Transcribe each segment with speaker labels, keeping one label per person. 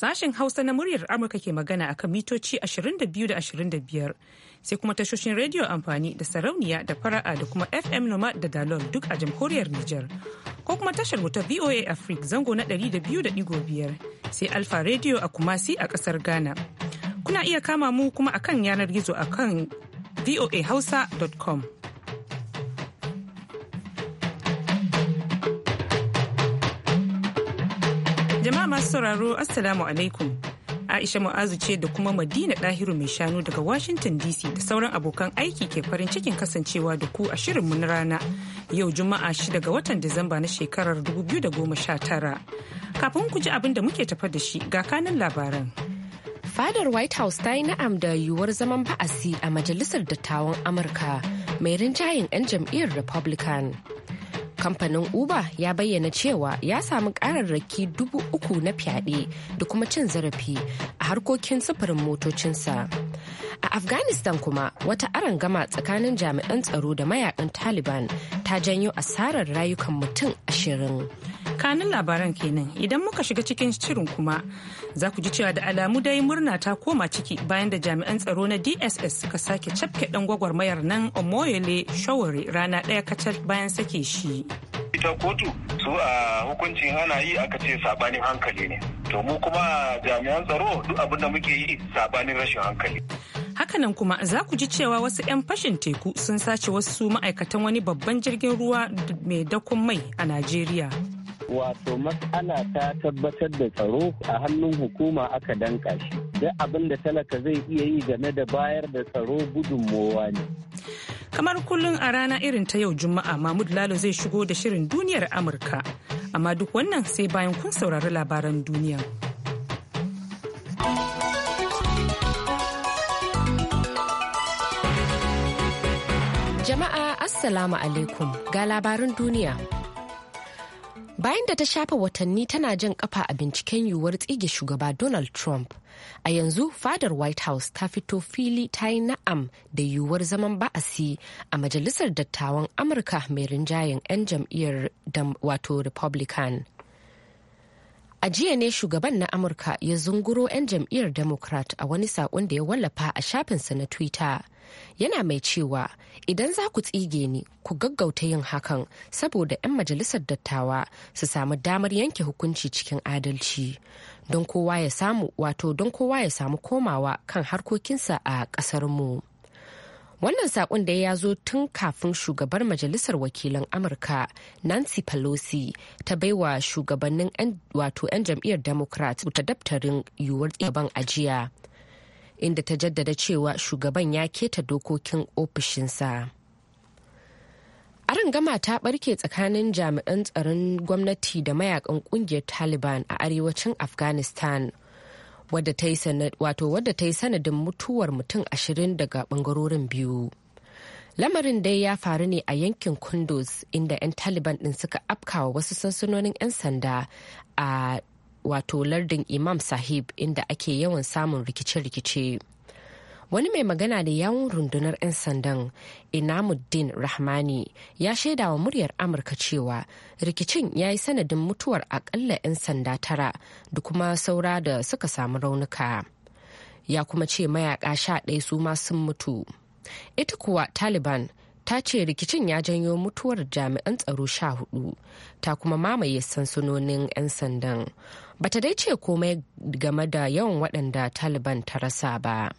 Speaker 1: Sashen Hausa na muryar Amurka ke magana a kan mitoci 22 25 sai kuma tashoshin rediyo amfani da sarauniya da fara'a da kuma FM Noma da Dalol duk a jamhuriyar Nijar. Ko kuma tashar ta VOA Africa zango na 200.5 sai Alfa rediyo a Kumasi a kasar Ghana. Kuna iya kama mu kuma akan yanar gizo akan voahausa.com. Jama'a masu sauraro Assalamu alaikum. Aisha Mu'azu ce da kuma Madina ɗahiru mai shanu daga Washington DC da sauran abokan aiki ke farin cikin kasancewa da ku a shirinmu na rana yau Juma'a 6 ga watan Disamba na shekarar 2019. Kafin ku ji abin da muke tafa da shi ga kanin labaran.
Speaker 2: Fadar White House ta yi na'am da yiwuwar zaman ba'asi a Majalisar Dattawan Amurka mai rinjayen 'yan jam'iyyar Republican. kamfanin uber ya bayyana cewa ya samu kararraki dubu uku na fyaɗe da kuma cin zarafi a harkokin sufurin motocinsa a afghanistan kuma wata gama tsakanin jami'an tsaro da mayakan taliban ta janyo asarar rayukan mutum ashirin tsakanin labaran kenan
Speaker 1: idan muka shiga cikin shirin kuma za ku ji cewa da alamu dai murna ta koma ciki bayan da jami'an tsaro na dss suka sake cafke dan gwagwarmayar nan omoyele shawari rana daya kacal bayan sake shi
Speaker 3: ita kotu su a hukuncin ana yi aka ce sabanin hankali ne to mu kuma jami'an tsaro duk abin da muke yi sabanin rashin
Speaker 1: hankali hakanan kuma za ku ji cewa wasu 'yan fashin teku sun sace wasu ma'aikatan wani babban jirgin ruwa mai dakon mai a najeriya
Speaker 4: wato matsala ta tabbatar da tsaro a hannun hukuma aka danka shi duk abin da talaka zai iya yi game da bayar da tsaro gudunmowa ne
Speaker 1: kamar kullum a rana irin ta yau juma'a mahmud lalo zai shigo da shirin duniyar amurka amma duk wannan sai bayan kun saurari labaran duniya.
Speaker 2: Jama'a Assalamu alaikum ga labarin duniya. Bayan da ta shafa watanni tana jan kafa a binciken yiwuwar tsige shugaba Donald Trump, a yanzu fadar White House ta fito fili ta yi na'am da yiwuwar zaman ba'asi a Majalisar Dattawan Amurka mai rinjayen 'yan jam'iyyar wato Republican. A jiya ne shugaban na Amurka ya zunguro 'yan jam'iyyar Democrat a wani saƙon da ya wallafa a shafinsa na Twitter. yana mai cewa idan za ku tsige ni ku gaggauta yin hakan saboda 'yan majalisar dattawa su samu damar yanke hukunci cikin adalci don kowa ya samu wato don kowa ya samu komawa kan harkokinsa a ƙasar mu wannan saƙon da ya zo tun kafin shugabar majalisar wakilan amurka nancy pelosi ta baiwa shugabannin wato 'yan jam'iyyar democrat ta daftarin yiwuwar tsaban ajiya inda ta jaddada cewa shugaban ya keta dokokin ofishinsa. aron gama ta barke tsakanin jami'an tsaron gwamnati da mayakan kungiyar taliban a arewacin afghanistan wadda ta yi sanadin mutuwar mutum ashirin daga bangarorin biyu lamarin dai ya faru ne a yankin kunduz inda 'yan taliban din suka afkawa wasu sansanonin 'yan sanda a wato lardin imam sahib inda ake yawan samun rikice-rikice wani mai magana da yawun rundunar 'yan sandan inamuddin rahmani ya shaida wa muryar amurka cewa rikicin ya yi sanadin mutuwar akalla 'yan sanda tara da kuma saura da suka samu raunuka ya kuma ce mayaka sha ɗaya su ma sun mutu ita kuwa taliban ta ce rikicin ya janyo mutuwar jami'an tsaro sha hudu ta kuma mamaye sansunonin 'yan sandan bata dai ce komai game da yawan waɗanda taliban ta rasa ba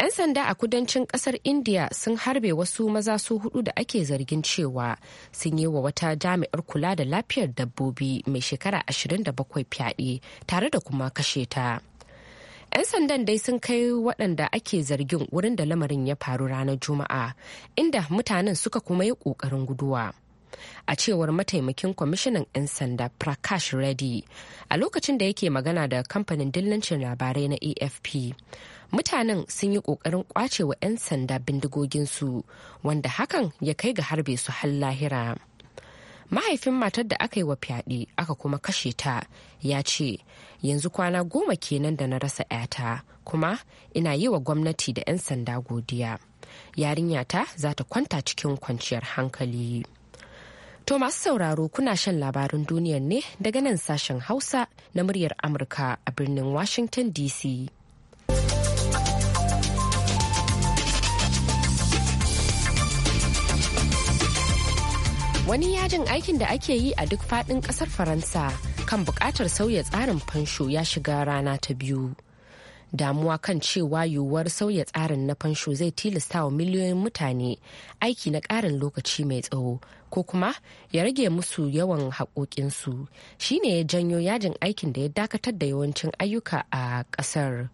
Speaker 2: 'Yan sanda a kudancin kasar India sun harbe wasu maza su hudu da ake zargin cewa sun yi wa wata jami'ar kula da lafiyar dabbobi mai shekara 27 fyaɗe tare da kuma kashe ta. 'Yan sandan dai sun kai waɗanda ake zargin wurin da lamarin ya faru ranar Juma'a, inda mutanen suka kuma yi ƙoƙarin guduwa. A cewar mataimakin kwamishinan 'yan sanda Prakash Reddy a lokacin da yake magana da kamfanin dillancin labarai na AFP. Mutanen sun yi ƙoƙarin ƙwacewa 'yan sanda bindigoginsu, wanda hakan ya kai ga harbe su har lahira. mahaifin matar da aka yi wa fyaɗe aka kuma kashe ta ya ce yanzu kwana goma kenan da na rasa 'yata kuma ina yi wa gwamnati da 'yan sanda godiya yarinya ta za ta kwanta cikin kwanciyar hankali to masu sauraro kuna shan labarin duniyar ne daga nan sashen hausa na muryar amurka a birnin washington dc Wani yajin aikin da ake yi a duk faɗin ƙasar Faransa kan buƙatar sauya tsarin fansho ya shiga rana ta biyu. Damuwa kan cewa yiwuwar sauya tsarin na fansho zai tilasta wa miliyoyin mutane aiki na ƙarin lokaci mai tsawo ko kuma ya rage musu yawan haƙoƙinsu shine ya janyo yajin aikin da ya dakatar da yawancin ayyuka a ƙasar.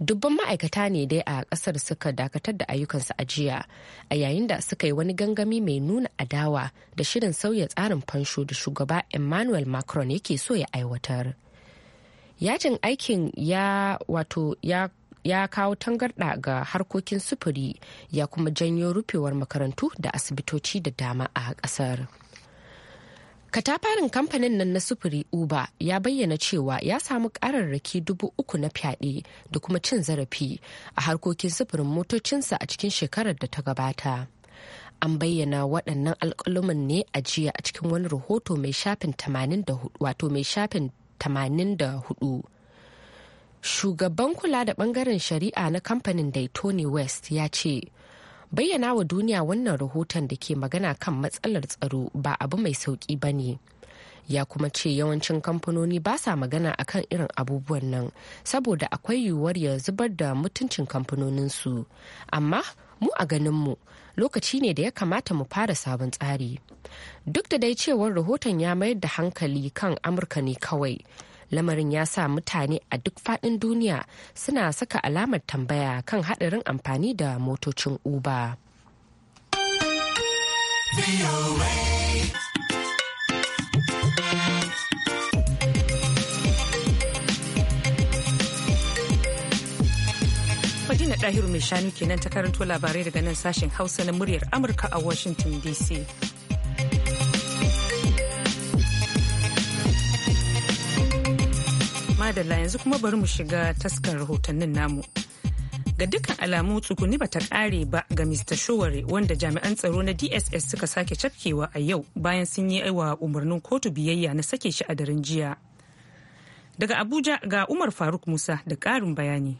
Speaker 2: dubban ma'aikata ne dai a kasar suka dakatar da ayyukansu a jiya a yayin da suka yi wani gangami mai nuna adawa da shirin sauya tsarin fansho da shugaba emmanuel macron yake so ya aiwatar yajin aikin ya wato ya ya kawo tangarɗa ga harkokin sufuri ya kuma janyo rufewar makarantu da asibitoci da dama a kasar. Katafarin kamfanin nan na sufuri Uber ya bayyana cewa ya samu kararraki dubu uku na fyaɗe da kuma cin zarafi a harkokin sufurin motocinsa a cikin shekarar da ta gabata. An bayyana waɗannan alƙaluman ne a jiya a cikin wani rahoto mai shafin 84. Shugaban kula da ɓangaren shari'a na kamfanin Daytoni West ya ce, bayyana wa duniya wannan rahoton da ke magana kan matsalar tsaro ba abu mai sauki ba ne ya kuma ce yawancin kamfanoni ba sa magana akan irin abubuwan nan saboda akwai yiwuwar ya zubar da mutuncin kamfanoninsu amma mu a ganinmu lokaci ne da ya kamata mu fara sabon tsari duk da dai cewar rahoton ya mayar da hankali kan amurka ne kawai lamarin ya sa mutane a duk faɗin duniya suna saka alamar tambaya kan haɗarin amfani da motocin uber.
Speaker 1: Madina ɗahiru mai shanu kenan ta karanto labarai daga nan sashen Hausa na muryar Amurka a Washington DC. madalla yanzu kuma bari mu shiga taskar rahotannin namu. Ga dukkan alamu ba ta kare ba ga Mr. Showare wanda jami'an tsaro na DSS suka sake cafkewa a yau bayan sun yi wa umarnin kotu biyayya na sake shi a daren jiya. Daga Abuja ga Umar Faruk Musa da karin bayani.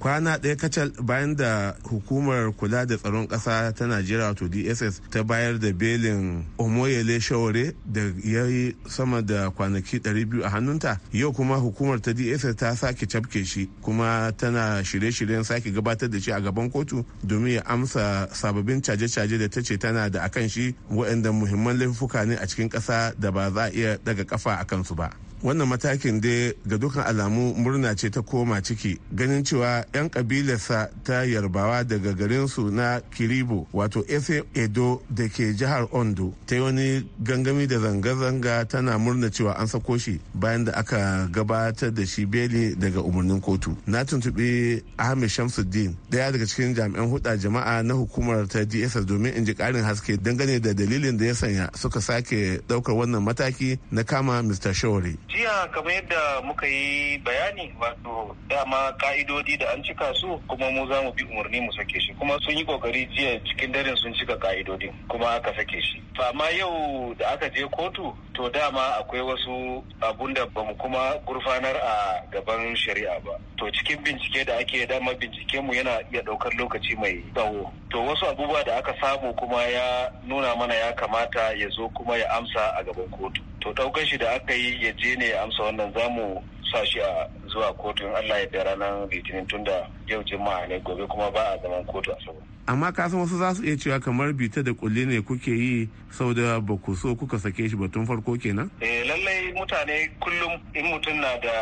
Speaker 5: kwana ɗaya kacal bayan da hukumar kula da tsaron ƙasa ta najeriya to dss ta bayar da belin omoyele shaware da ya yi sama da kwanaki 200 a hannunta yau kuma hukumar ta dss ta sake cafke shi kuma tana shirye-shiryen sake gabatar da shi a gaban kotu domin ya amsa sababbin caje-caje da ta ce tana da akan shi waɗanda muhimman laifuka ne a cikin ƙasa da ba za a iya daga kafa a kansu ba wannan matakin dai ga dukkan alamu murna ce ta koma ciki ganin cewa 'yan kabilarsa ta yarbawa daga garinsu na kiribo wato efe edo da ke jihar ondo ta yi wani gangami da zanga-zanga tana murna cewa an sako shi bayan da aka gabatar da shi beli daga umarnin kotu na tuntubi ahmed shamsuddin daya daga cikin jami'an huda jama'a na hukumar ta dss domin in ji karin haske dangane da dalilin da ya sanya suka sake ɗaukar wannan mataki na kama mr shawari
Speaker 3: jiya kamar yadda muka yi bayani wato dama ka'idodi da an cika su kuma mu za mu bi umarni mu sake shi kuma sun yi kokari jiya cikin daren sun cika ka'idodin kuma aka sake shi amma yau da aka je kotu to dama akwai wasu abun da bamu kuma gurfanar a gaban shari'a ba to cikin bincike da ake dama bincike mu yana iya daukar lokaci mai tsawo to wasu abubuwa da aka samu kuma ya nuna mana ya kamata ya zo kuma ya amsa a gaban kotu to ɗaukar shi da aka yi ya je ne amsa wannan zamu sa shi a zuwa kotu in Allah ya da ranar litinin tunda yau juma'a ne gobe kuma ba a zaman kotu saboda.
Speaker 5: amma ka san wasu za su iya cewa kamar bita da kulle ne kuke yi saboda ba ku so kuka sake shi batun farko kenan. eh
Speaker 3: lallai mutane kullum in mutum na da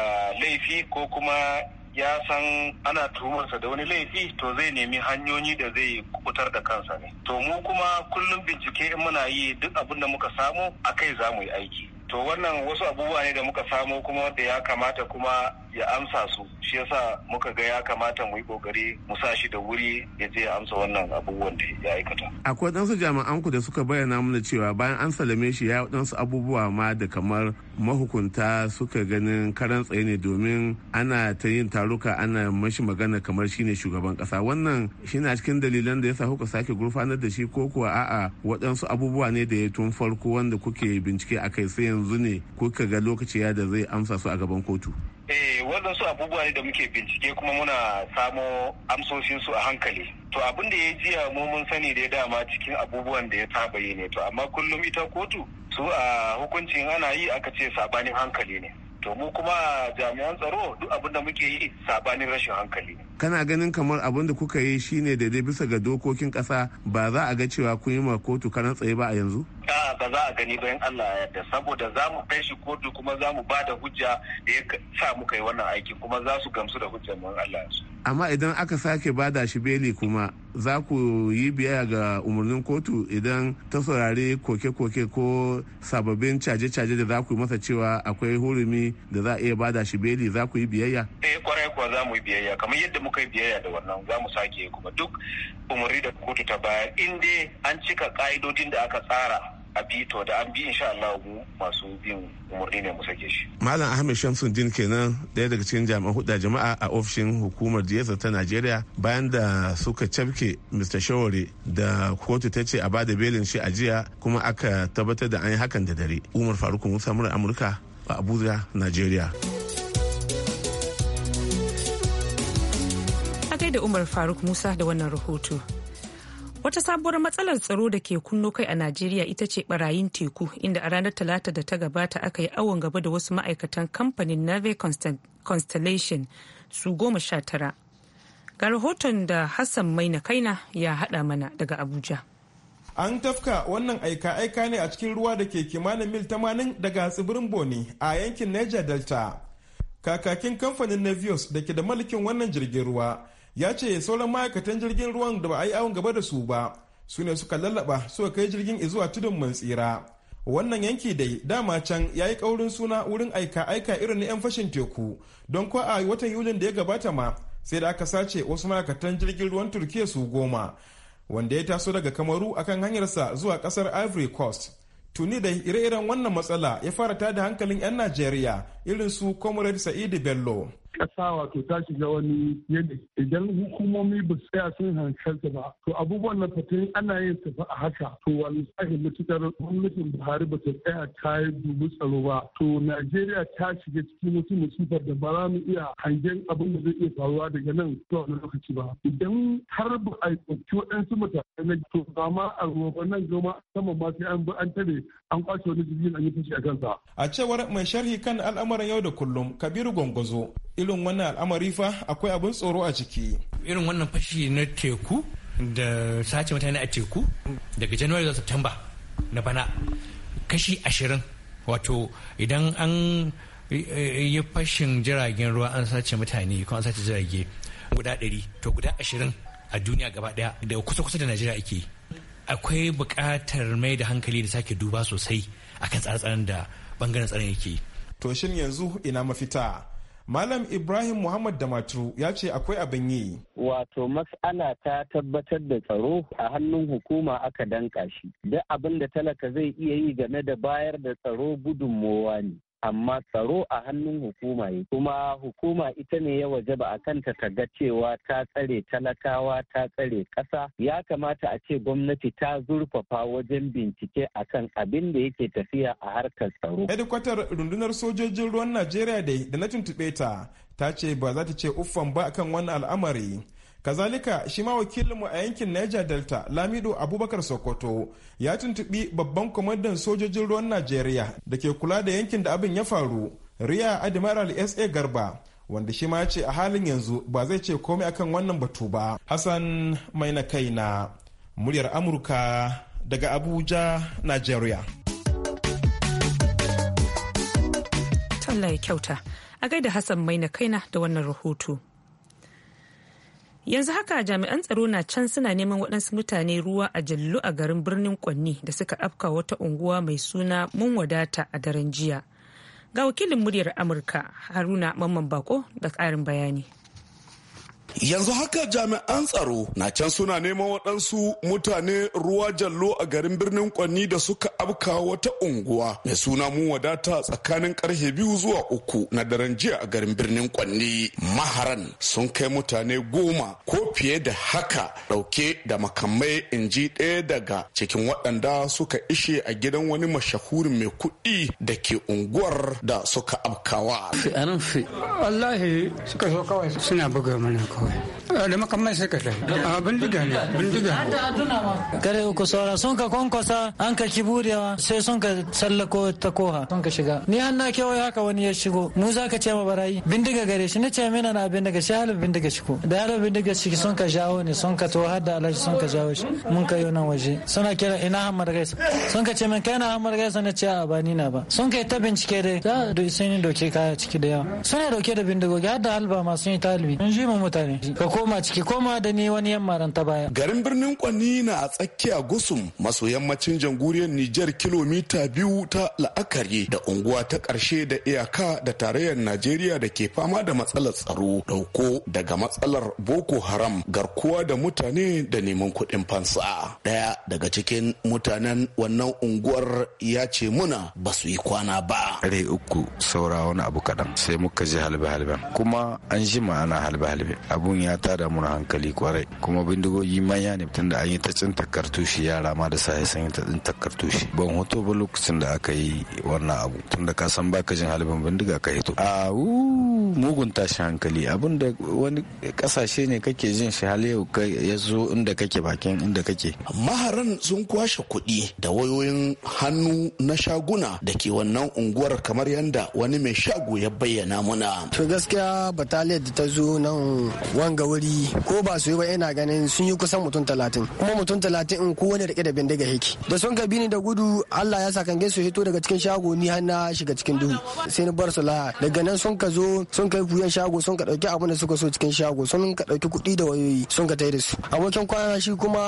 Speaker 3: laifi ko kuma ya san ana tuhumarsa da wani laifi to zai nemi hanyoyi da zai kubutar da kansa ne to mu kuma kullum bincike in muna yi duk abin da muka samu a kai za mu yi aiki to wannan wasu abubuwa ne da muka samo kuma da ya kamata kuma ya amsa su shi yasa muka ga ya kamata mu yi kokari mu sa shi da wuri ya je ya amsa wannan abubuwan da ya aikata
Speaker 5: akwai dansu jami'an ku da suka bayyana mana cewa bayan an salame shi ya dansu abubuwa ma da kamar mahukunta suka ganin karan tsaye ne domin ana ta yin taruka ana mashi magana kamar shine shugaban kasa wannan shi na cikin dalilan da ya sa kuka sake gurfanar da shi ko kuwa a'a waɗansu abubuwa ne da ya tun farko wanda kuke bincike a kai sai yanzu ne kuka ga lokaci ya da zai amsa su a gaban kotu
Speaker 3: Eh, su abubuwa ne da muke bincike kuma muna samo amsoshinsu a hankali. To abin da ya jiya mu mun sani da ya dama cikin abubuwan da ya taba yi ne. To amma kullum ita kotu su a hukuncin ana yi aka ce sabanin hankali ne. To mu kuma jami'an tsaro duk abin da muke yi sabanin rashin hankali ne.
Speaker 5: Kana ganin kamar abin da kuka yi shine daidai bisa ga dokokin ƙasa ba za a ga cewa kun yi ma kotu karan tsaye ba a yanzu?
Speaker 3: A'a ba za a gani ba in Allah ya yarda saboda za mu kai shi kotu kuma za mu ba da hujja da ya sa muka yi wannan aiki kuma za su gamsu da hujjar mu Allah ya so
Speaker 5: amma idan aka sake bada shi beli kuma za ku yi biyayya ga umarnin kotu idan ta saurari koke-koke ko sababbin caje-caje da za ku yi masa cewa akwai hurumi da za a iya bada shi beli za ku yi biyayya? eh kwarai kuwa za mu yi biyayya kamar yadda muka yi biyayya da wannan za mu sake kuma duk umarni da kotu ta bayar in dai an cika
Speaker 3: ka'idodin da aka tsara a bi to da an bi insha Allah mu masu bin umarni ne mu sake shi.
Speaker 5: Malam Ahmed jin kenan daya daga cikin jami'an huda jama'a a ofishin hukumar Jiyasa ta Najeriya bayan da suka cafke Mr. Shawari da kotu ta ce a bada belin shi a jiya kuma aka tabbatar da an yi hakan da dare. Umar Faruk Musa murar Amurka a Abuja, Najeriya.
Speaker 1: A da Umar Faruk Musa da wannan rahoto. Wata sabuwar matsalar tsaro da ke kunno kai a Najeriya ita ce barayin teku inda a ranar talata da ta gabata aka yi awon gaba da wasu ma'aikatan kamfanin Nave Constellation su goma sha tara. Ga rahoton da Hassan na Kaina ya haɗa mana daga Abuja. An
Speaker 6: tafka wannan aika-aika ne a cikin ruwa da ke kimanin mil 80 daga tsibirin Boni a yankin Niger Delta. Kakakin kamfanin Navios da ke da malikin wannan jirgin ruwa ya ce sauran ma'aikatan jirgin ruwan da ba a yi awon gaba da su ba su ne suka lallaba suka kai jirgin izuwa tudun mun tsira wannan yanki dai dama can ya yi kaurin suna wurin aika aika irin na 'yan fashin teku don ko a watan yulin da ya gabata ma sai da aka sace wasu ma'aikatan jirgin ruwan turkiya su goma wanda ya taso daga kamaru akan hanyarsa zuwa kasar ivory coast tuni da ire-iren wannan matsala ya fara tada hankalin 'yan najeriya irin su comrade sa'idu bello
Speaker 7: kasa wato ta shiga wani yadda idan hukumomi ba tsaya sun hankalta ba to abubuwan na faten ana yin su a haka to wani tsari mutukar gwamnatin buhari ba ta tsaya ta yi dubu tsaro ba to najeriya ta shiga cikin wasu musifar da ba za mu iya hangen abin da zai iya faruwa daga nan zuwa wani lokaci ba idan har ba a ɗauki waɗansu matakai na to ba ma a ruwa nan goma sama ma sai an bi an tare an kwashe wani jirgin an yi fashi a kansa. a cewar mai sharhi
Speaker 6: kan al'amuran yau da kullum kabiru gwangwazo irin wannan al'amari fa akwai abin tsoro a ciki
Speaker 3: irin wannan fashi na teku da sace mutane a teku daga january da september na bana kashi ashirin wato idan an eh, yi fashin jiragen ruwa an sace mutane ko an sace jirage guda ɗari to guda ashirin a duniya gaba ɗaya da kusa-kusa da najeriya ake akwai buƙatar mai da hankali da sake duba sosai akan tsare-tsaren da bangaren tsaron yake
Speaker 6: to shin yanzu ina mafita Malam Ibrahim Muhammad Damaturu ya ce akwai abin
Speaker 8: yi.
Speaker 4: Wato mas'ala ta tabbatar da tsaro a hannun hukuma aka danka shi. Duk abin da talaka zai iya yi game da bayar da tsaro gudunmowa ne. amma tsaro a hannun hukuma ne kuma hukuma ita ne ya waje ba a kanta ta ga cewa ta tsare talakawa ta tsare ƙasa ya kamata a ce gwamnati ta zurfafa wajen bincike a kan abin da yake tafiya a harkar tsaro. hedikwatar rundunar
Speaker 6: sojojin ruwan najeriya da na tuntuɓe ta ta ce ba za ta ce uffan ba akan wannan al'amari kazalika shi ma wakilinmu a yankin niger delta lamido abubakar sokoto ya tuntubi babban kwamandan sojojin ruwan najeriya da ke kula da yankin da abin ya faru riya admiral sa garba wanda shi ma ce a halin yanzu ba zai ce komai akan wannan batu ba hassan mai na kaina muryar amurka daga abuja nigeria
Speaker 1: Allah ya kyauta a gaida hassan mai na kaina da wannan rahoto yanzu haka jami'an tsaro na can suna neman waɗansu mutane ruwa a jallu a garin birnin kwanni da suka afka wata unguwa mai suna mun wadata a daren jiya ga wakilin muryar amurka haruna mamman bako da ƙarin bayani
Speaker 9: yanzu haka jami'an tsaro na can suna neman waɗansu mutane ruwa jallo a garin birnin kwanni da suka abka wata unguwa mai suna mu wadata tsakanin karfe biyu zuwa uku na daren jiya a garin birnin kwanni maharan sun kai mutane goma ko fiye da haka ɗauke da makamai in ji ɗaya daga cikin waɗanda suka ishe a gidan wani mashahurin mai kuɗi da ke unguwar da suka abkawa.
Speaker 8: Wallahi suka so kawai suna buga mana kawai.
Speaker 7: da makamai ka tai a bindiga ne bindiga kare ku saura sun ka kwankwasa an ka kiburewa sai sun ka sallako ta koha sun ka shiga ni an kewaye haka wani ya shigo mu za ka ce ma barayi bindiga gare shi ni ce mina na bindiga shi halin bindiga shigo da halin bindiga shi sun ka jawo ne sun ka to har da alaji sun ka jawo shi mun ka yi nan waje suna kira ina hamar gaisa sun ka ce min kai na hamar gaisa na ce a ba ni na ba sun ka yi ta bincike da sun yi doke kaya ciki da yawa suna doke da bindigogi har da halba ma sun yi talibi sun ji mu mutane ne ka
Speaker 9: koma ciki koma da ni wani yamma ran baya garin birnin kwanni na a tsakiya gusum maso yammacin janguriyar Nijar kilomita biyu ta la'akari da unguwa ta karshe da iyaka da tarayyar Najeriya da ke fama da matsalar tsaro dauko daga matsalar Boko Haram garkuwa da mutane da neman kuɗin fansa daya daga cikin mutanen wannan unguwar ya ce muna ba su yi kwana ba rai uku
Speaker 3: saura wani abu kaɗan sai muka ji halbe halben kuma an jima ana halbe halbe abun ya tada mun hankali kwarai kuma bindigogi manya ne tunda an yi ta cin takartushi yara ma da sai sun yi ta cin takartushi ban hoto ba lokacin da aka yi wannan abu tunda ka san baka jin halibin bindiga ka hito a mugun tashi hankali abin da wani kasashe ne
Speaker 9: kake jin shi hali yau ya zo inda kake bakin inda kake maharan sun kwashe kuɗi da wayoyin hannu na shaguna da ke wannan unguwar kamar yadda wani mai shago ya bayyana muna
Speaker 3: to gaskiya bataliyar da ta zo nan wanga wuri ko ba su yi ba ina ganin sun yi kusan mutum talatin kuma mutum talatin in kowane rike da bindiga haiki. da sun ka bini da gudu allah ya sa kan su hito daga cikin shago ni har na shiga cikin duhu sai ni bar su daga nan sun ka zo sun kai buya shago sun ka dauki abin da suka so cikin shago sun ka ɗauki kuɗi da wayoyi sun ka tayar da su abokin kwana shi kuma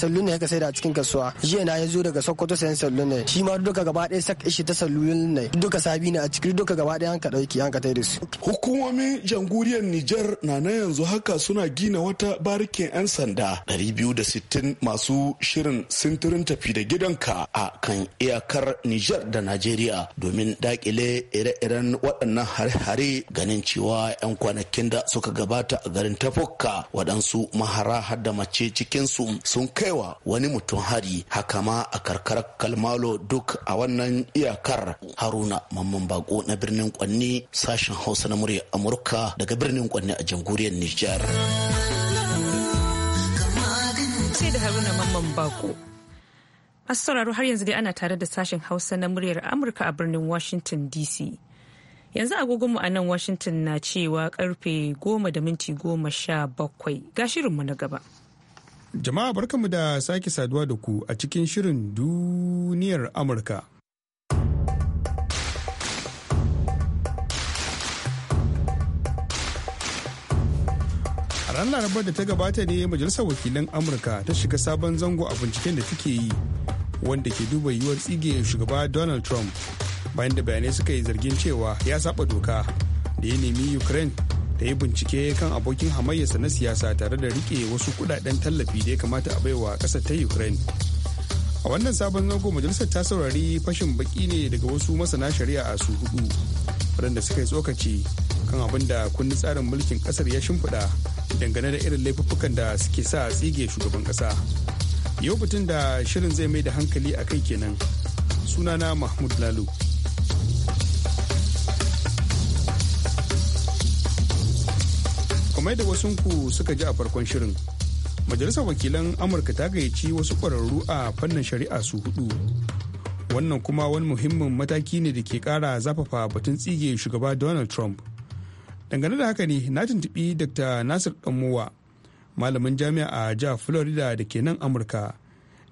Speaker 3: sallu ne ka sai da cikin kasuwa jiya na ya daga sokoto sayan sallu ne shi ma duka gaba ɗaya sak ishi ta sallu ne
Speaker 9: duka sabi ne a cikin duka gaba ɗaya an ka dauki an ka tayar da su. hukumomin jamhuriyar nijar na na yanzu haka suna gina wata barikin 'yan sanda 260 masu shirin sintirin tafi da gidanka a kan iyakar nijar da najeriya domin dakile ire-iren waɗannan hare-hare ganin amincewa 'yan kwanakin da suka gabata a garin tafukka waɗansu mahara har mace cikinsu sun kaiwa wani mutum hari haka ma a karkarar kalmalo duk a wannan iyakar haruna mamman bako na birnin kwanni sashen hausa na murya amurka daga birnin kwanni a jamhuriyar nijar
Speaker 1: haruna masu sauraro har yanzu dai ana tare da sashen hausa na muryar amurka a birnin washington dc yanzu agogonmu a nan washington na cewa karfe goma da minti goma sha bakwai ga shirinmu na gaba
Speaker 8: jama'a barkamu da sake saduwa da ku a cikin shirin duniyar amurka ran larabar da ta gabata ne majalisar wakilan amurka ta shiga sabon zango a binciken da take yi wanda ke duba yiwuwar tsige shugaba donald trump bayan da bayanai suka yi zargin cewa ya saba doka da ya nemi ukraine ta yi bincike kan abokin hamayyarsa na siyasa tare da rike wasu kudaden tallafi da ya kamata a baiwa ƙasar ta ukraine a wannan sabon zango majalisar ta saurari fashin baki ne daga wasu masana shari'a a su hudu waɗanda suka yi tsokaci kan abin da kundin tsarin mulkin ƙasar ya shimfiɗa dangane da irin laifuffukan da suke sa tsige shugaban ƙasa yau batun da shirin zai mai da hankali a kai kenan sunana mahmud lalu kamar da wasunku suka ji a farkon shirin majalisar wakilan amurka ta gayyaci wasu ƙwararru a fannin shari'a su hudu wannan kuma wani muhimmin mataki ne da ke ƙara zafafa batun tsige shugaba donald trump dangane da haka ne na tuntubi dr nasir danmuwa malamin jami'a a jihar florida da ke nan amurka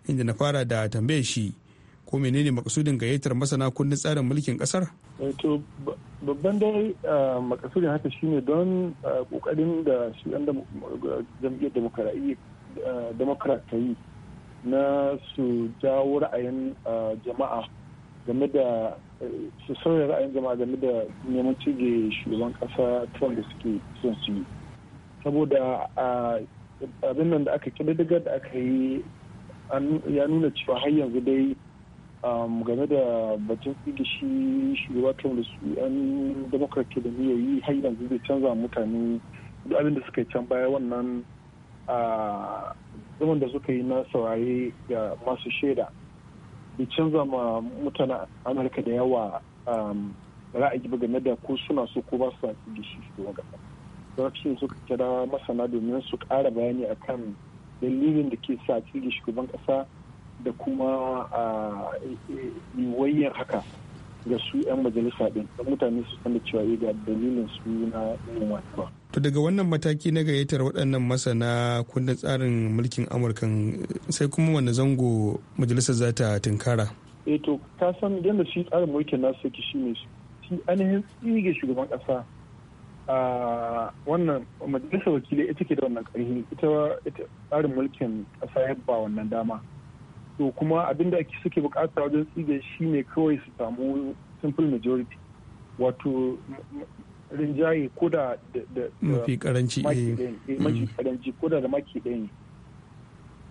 Speaker 8: inda na fara da tambayar shi ko menene makasudin gayyatar masana kundin tsarin mulkin kasar?
Speaker 7: Eh, to babban dai ah, makasudin haka shine don ah, kokarin da shi yan jam'iyyar ah, democrat ta yi na su jawo ra'ayin jama'a game da eh, su sauya ra'ayin jama'a game da neman cige shugaban kasa trump da suke son su yi saboda abin nan da aka kididdigar da aka yi ya nuna cewa har yanzu dai Um, game da batun tsige shi shugaba Trump da su yan Democrat ke da niyyar har yanzu zai canza mutane duk abin da suka yi can baya wannan zaman da suka yi na saurari ga masu shaida bai canza ma mutane Amurka da yawa um, ra'ayi ba game da ko suna so ko ba su shi shugaban kasa. Don shi suka kira masana domin su kara bayani akan dalilin da ke sa tsige shugaban kasa da kuma e, e, yiwuwar haka ga su 'yan majalisa ɗin da mutane su sanda cewa yi eh, ga dalilin su na yin ba.
Speaker 8: To daga wannan mataki na gayyatar waɗannan masana kundin tsarin mulkin Amurkan sai kuma wanda zango majalisar za ta tunkara.
Speaker 7: Eh to ka san yadda shi tsarin mulkin nasu yake shine shi ainihin tsige shugaban ƙasa a wannan majalisar wakilai ita ke da wannan ƙarfi ita tsarin mulkin ƙasa ya ba wannan dama. to kuma abin da ake suke bukata wajen tsige shi ne kawai su samu simple majority wato rinjaye ko da mafi karanci eh. eh, mm. karanci ko da da maki ɗaya ne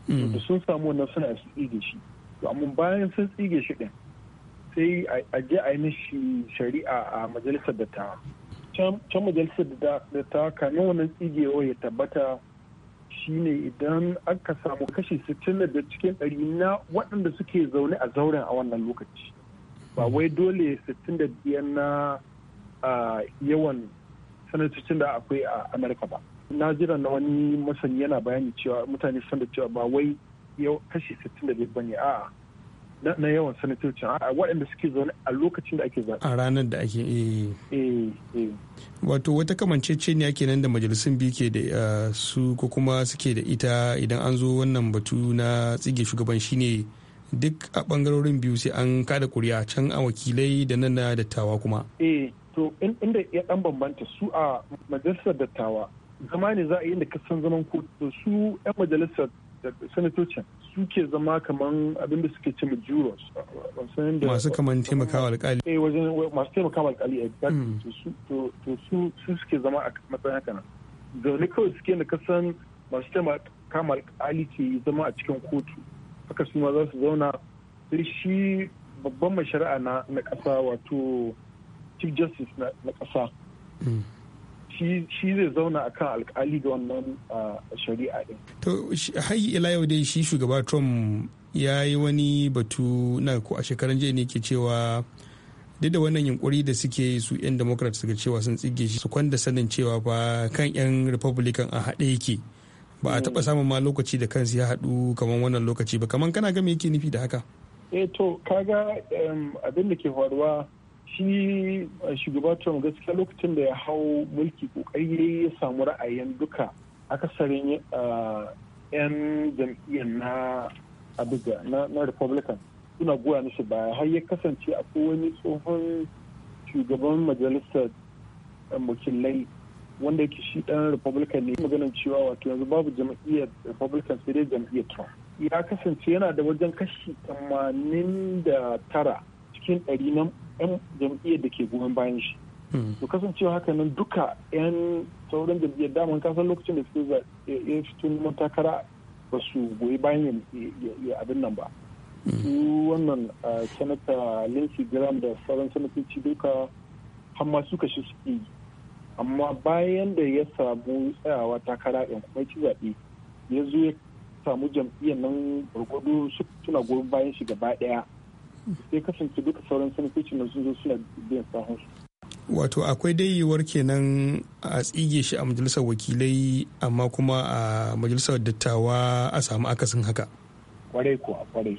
Speaker 7: da mm. sun samu wannan suna su tsige shi to amma bayan sun tsige shi din sai a je a yi mishi shari'a a majalisar ta can majalisar ta kanin wannan tsigewa ya tabbata shine idan aka samu kashi 60 cikin ɗari na waɗanda suke zaune a zauren a wannan lokaci ba wai dole da biyan na yawan sanatocin da akwai a amurka ba na jira na wani masani yana bayani cewa mutane san da cewa ba wai kashi da biyar ba ne a'a na yawan sanatocin a waɗanda suke zaune a lokacin da ake zaɓe
Speaker 8: a ranar da ake eh.
Speaker 7: Eh, eh.
Speaker 8: wato wata kamancece ne ake nan da majalisun biyu ke da su ko kuma suke da ita idan an zo wannan batu na tsige shugaban shine duk a bangarorin biyu sai an kada kuri'a can a wakilai da nan na dattawa kuma
Speaker 7: eh to inda ya dan bambanta su a majalisar dattawa zama ne za a yi inda kasan zaman kotu su 'yan majalisar sanatocin suke zama kaman da suke ce mu juros masu
Speaker 8: kaman taimakawa alkali
Speaker 7: eh wajen masu taimakawa alkali hmm. to su su suke zama a matsayin haka nan zaune kawai suke na kasan masu taimakawa alkali ke zama a cikin kotu haka su ma za su zauna sai shi babban mai shari'a na kasa wato chief justice na kasa shi zai zauna a kan alkali ga wannan shari'a din.
Speaker 8: To, har ila yau dai shi shugaba Trump ya yi wani batu na ko a shekaran jiya ne ke cewa duk da wannan yunkuri da suke su 'yan democrats suka cewa sun tsige shi su kwanda sanin cewa ba kan 'yan republican a haɗe yake ba a taɓa mm. samun ma lokaci da kansu ya haɗu kamar wannan lokaci ba kamar kana game yake nufi da haka
Speaker 7: eh to kaga abin da ke faruwa shi shugaba trump gaskiya lokacin da ya hau mulki kokari ya samu ra'ayin duka akasarin yan jam'iyyar na abuja na republican suna goya nishi baya har ya kasance a wani tsohon shugaban majalisar wakilai wanda yake shi dan republican ne maganin cewa wato yanzu babu jam'iyyar republican sai dai jam'iyyar trump ya kasance yana da wajen kashi tamanin da tara cikin ɗari 'yan jam'iyyar da ke goyon bayan shi hmm. to kasancewa haka nan duka 'yan sauran jam'iyyar daman kasan lokacin da suke ya fito neman takara ba su goyi bayan ya abin nan ba hmm. su wannan sanata lindsey graham da sauran sanatoci duka hamma suka shi suke yi amma bayan da ya samu tsayawa takara ɗin kuma ci zaɓe ya zo ya samu jam'iyyar nan gwargwado suna goyon bayan shi gaba ɗaya sai kasance duka sauran sanatoci da sun zo suna biyan sahun
Speaker 8: wato akwai dai yiwuwar kenan a tsige shi a majalisar wakilai amma kuma a majalisar dattawa a samu akasin haka
Speaker 7: kwarai ko a kwarai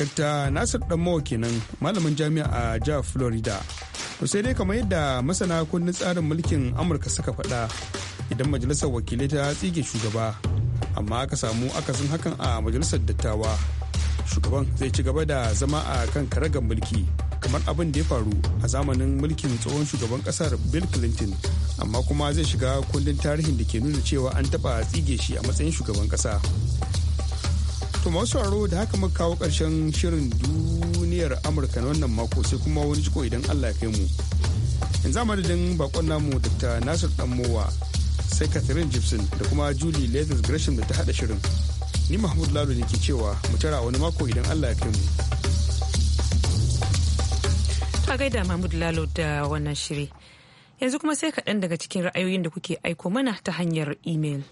Speaker 8: dakta Nasir Danmawa kenan malamin jami'a a jihar Florida. To sai dai kamar yadda masana kundin tsarin mulkin Amurka suka faɗa idan majalisar wakilai ta tsige shugaba amma aka samu akasin hakan a majalisar dattawa shugaban zai ci gaba da zama a kan karagar mulki kamar abin da ya faru a zamanin mulkin tsohon shugaban kasar bill clinton amma kuma zai shiga kundin tarihin da ke nuna cewa an taba tsige shi a matsayin shugaban kasa to masu sauraro da haka muka kawo karshen shirin duniyar amurka na wannan mako sai kuma wani jiko idan allah ya kai mu yanzu madadin bakon namu dr nasir danmowa sai Catherine Gibson da kuma Julie Leathers Gresham da ta hada shirin. Ni Mahmud Lalo ne ke cewa mu tara wani mako idan Allah ya kai mu.
Speaker 1: ta gaida Mahmud Lalo da wannan shiri. Yanzu kuma sai kaɗan daga cikin ra'ayoyin da kuke aiko mana ta hanyar imel.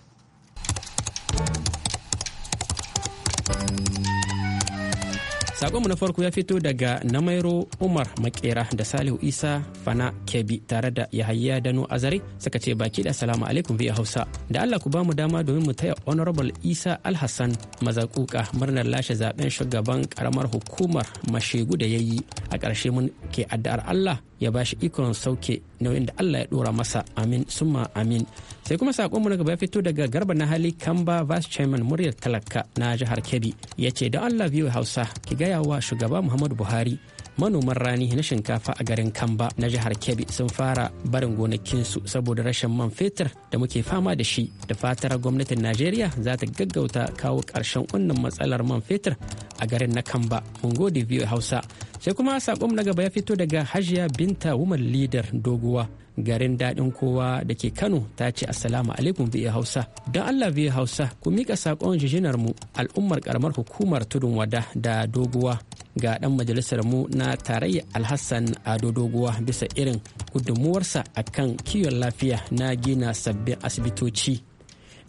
Speaker 4: Sakonmu na farko ya fito daga Namairo Umar Makera da Salihu Isa Fana Kebi tare da Yahaya Dano Azare suka ce baki da salamu alaikum biya Hausa. Da Allah ku bamu dama domin mu taya Honorable Isa Alhassan mazakuka murnar lashe zaben shugaban karamar hukumar Mashegu da yayi. A ƙarshe mun ke addu'ar Allah ya ba shi ikon sauke nauyin da Allah ya dora masa amin summa amin sai kuma sakon mu na gaba ya fito daga garba na hali kamba vice chairman muryar talaka na jihar kebbi ya ce don Allah biyu hausa ki gaya wa shugaba muhammadu buhari manoman rani na shinkafa a garin kamba na jihar kebbi sun fara barin gonakinsu saboda rashin man fetur da muke fama da shi da fatar gwamnatin najeriya za ta gaggauta kawo ƙarshen wannan matsalar man fetur a garin na kamba mun gode biyu hausa sai kuma sakon na gaba ya fito daga hajiya binta woman leader doguwa garin daɗin kowa da ke kano ta ce assalamu alaikum biyu hausa don allah biyu hausa ku mika sakon jijinar mu al'ummar ƙaramar hukumar tudun wada da doguwa ga ɗan majalisar mu na tarayya alhassan ado doguwa bisa irin gudunmuwarsa akan kiwon lafiya na gina sabbin asibitoci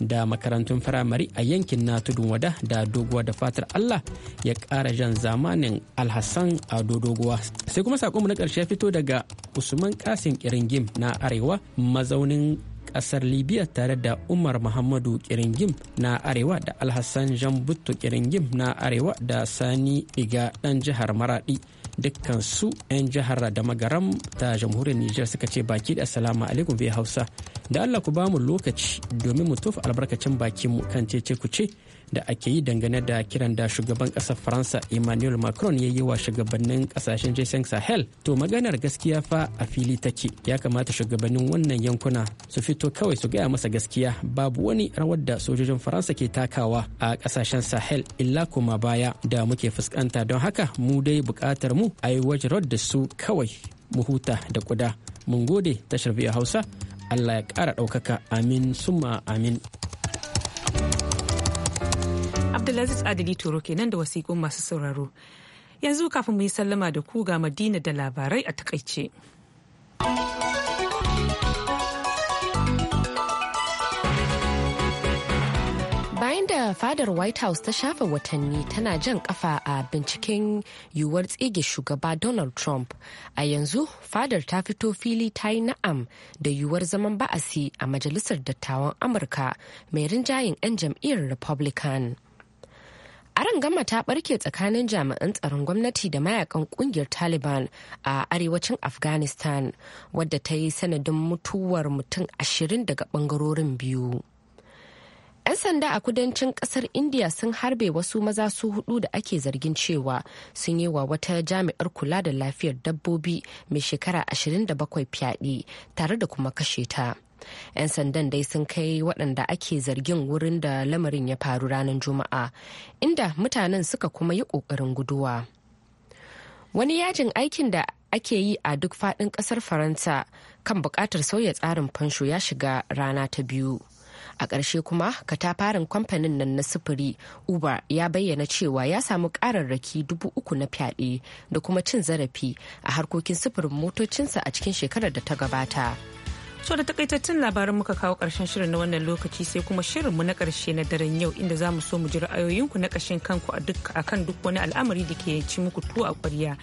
Speaker 4: da makarantun firamare a yankin na tudun wada da doguwa da fatar Allah ya kara jan zamanin alhassan ado doguwa sai kuma sakonmu na ƙarshe fito daga usman kasin kiringim na arewa mazaunin kasar libya tare da umar muhammadu kiringim na arewa da alhassan jambuttu kiringim na arewa da sani iga dan jihar maradi dukkansu 'yan jihar da magaram ta jamhuriyar niger suka ce baki da salama alaikum bai hausa da Allah ku bamu lokaci domin mu tofa albarkacin bakin mu kan cece ku ce da ake yi dangane da kiran da shugaban ƙasar faransa emmanuel macron ya yi wa shugabannin ƙasashen jason sahel to maganar gaskiya fa a fili take ya kamata shugabannin wannan yankuna su fito kawai su gaya masa gaskiya babu wani rawar da sojojin faransa ke takawa a ƙasashen sahel illa kuma baya da muke fuskanta don haka mu dai buƙatar mu a yi da su kawai mu huta da kuda mun gode tashar biyu hausa allah ya kara ɗaukaka amin summa amin
Speaker 1: Abdulaziz Adili Turo nan da wasiƙun masu sauraro. Yanzu kafin mu yi sallama da ku ga Madina da labarai a takaice.
Speaker 2: Bayan da fadar White House ta shafa watanni tana jan kafa a binciken yiwuwar tsige shugaba Donald Trump, a yanzu fadar ta fito fili ta yi na'am da yiwuwar zaman ba'asi a Majalisar Dattawan Amurka mai rinjayen 'yan jam'iyyar Republican. aron gama ta barke tsakanin jami'an tsaron gwamnati da mayakan kungiyar taliban a arewacin afghanistan wadda ta yi sanadin mutuwar mutum ashirin daga bangarorin biyu 'yan sanda a kudancin kasar india sun harbe wasu maza su hudu da ake zargin cewa sun yi wa wata jami'ar kula da lafiyar dabbobi mai shekara 27 fyaɗe tare da kuma kashe ta. 'Yan sandan dai sun kai waɗanda ake zargin wurin da lamarin ya faru ranar Juma'a, inda mutanen suka kuma yi ƙoƙarin guduwa. Wani yajin aikin da ake yi a duk faɗin ƙasar Faransa kan buƙatar sauya tsarin fansho ya shiga rana ta biyu. a ƙarshe kuma katafarin kamfanin nan na sufuri uber ya bayyana cewa ya samu ƙararraki dubu uku na fyaɗe da kuma cin zarafi a harkokin sufurin motocinsa a cikin shekarar da ta gabata
Speaker 1: So da takaitattun labarin muka kawo karshen shirin na wannan lokaci sai kuma shirin mu na karshe na daren yau inda za mu so mu ji ra'ayoyinku na ƙarshen kanku a kan duk wani al'amari da ke ci muku tuwo a ƙwarya.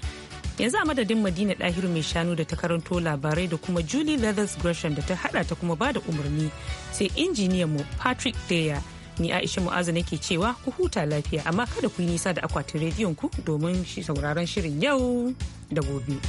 Speaker 1: Yanzu a madadin Madina Ɗahiru mai shanu da ta karanto labarai da kuma Julie Leathers Gresham da ta hada ta kuma bada umarni sai injiniyan mu Patrick Daya. Ni Aisha Mu'azu ke cewa ku huta lafiya amma kada ku yi nisa da akwatin rediyon ku domin sauraron shirin yau da gobe.